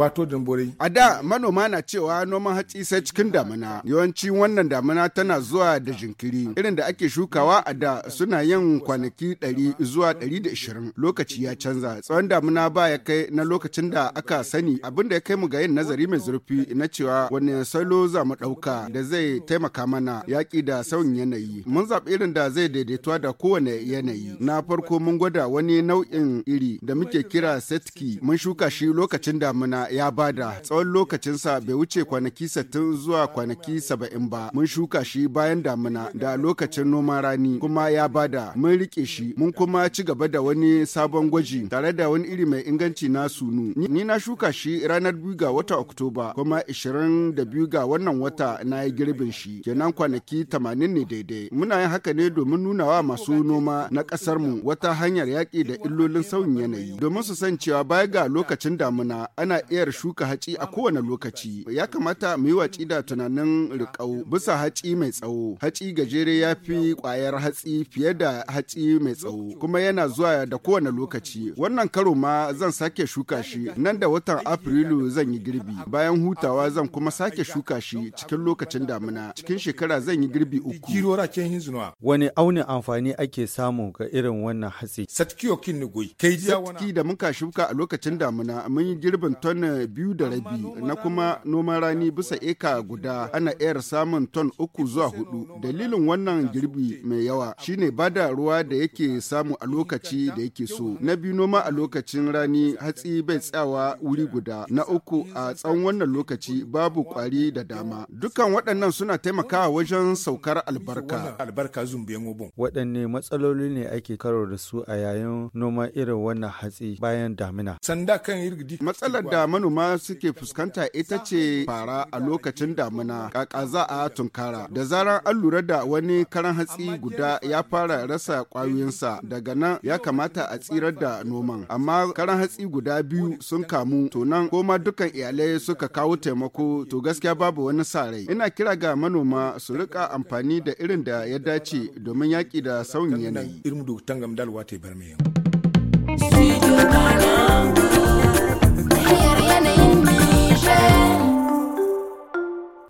wato dambori. A da manoma na cewa noman hatsi sai cikin damina. Yawanci wannan damina tana zuwa da jinkiri. Irin da ake shukawa a da suna yin kwanaki 100 zuwa 120. Lokaci ya canza. Tsawon damina ba ya kai na lokacin da aka sani abin da ya kai mu ga yin nazari mai zurfi na cewa wani salo za mu ɗauka da zai taimaka mana yaƙi da sauyin yanayi. Mun zaɓi irin da zai daidaituwa da kowane yanayi. Na farko mun gwada wani nau'in iri da muke kira setki mun shuka shi lokacin damina ya bada tsawon lokacinsa bai wuce kwanaki sattin zuwa kwanaki saba'in ba. Mun shuka shi bayan damina da lokacin noman rani kuma ya bada mun rike shi mun kuma ci gaba da wani sabon gwaji tare da wani iri mai inganci na sunu. Ni na shuka shi ranar biyu ga wata Oktoba kuma 22 ga wannan wata na yi girbin shi kenan kwanaki tamanin ne daidai. Muna yin haka ne domin nuna wa masu noma na mu wata hanyar yaki da illolin sauyin yanayi domin su san cewa baya ga lokacin damina ana iya niyyar shuka haci a kowane lokaci ya kamata mu yi watsi da tunanin rikau. bisa haci mai tsawo haci gajere ya fi kwayar hatsi fiye da haci mai tsawo kuma yana zuwa da kowane lokaci wannan karo ma zan sake shuka shi nan da watan afrilu zan yi girbi bayan hutawa zan kuma sake shuka shi cikin lokacin damina cikin shekara zan yi girbi uku wani aunin amfani ake samu ga irin wannan hatsi satki da muka shuka a lokacin damina mun yi girbin tonne biyu da rabi na kuma noman rani bisa eka guda ana iya samun ton uku zuwa hudu. Dalilin wannan girbi mai yawa shine bada ruwa da yake samu a lokaci da yake so. Na biyu noma a lokacin rani hatsi bai tsawa wuri guda. Na uku a tsawon wannan lokaci babu kwari da dama. Dukan waɗannan suna taimakawa wajen saukar albarka. Waɗanne matsaloli ne ake karo da su a yayin noman irin wannan hatsi bayan damina. Sanda kan Matsalar da manoma suke fuskanta ita ce fara a lokacin damuna. kaka za a tunkara da zarar an lura da wani karan hatsi guda ya fara rasa kwayoyinsa daga nan ya kamata a tsirar da noman amma karan hatsi guda biyu sun kamu to nan koma dukkan iyalai suka kawo taimako to gaskiya babu wani sa rai ina kira ga manoma su rika amfani da irin da ya dace domin yaki da sauyin yanayi. Studio Malam.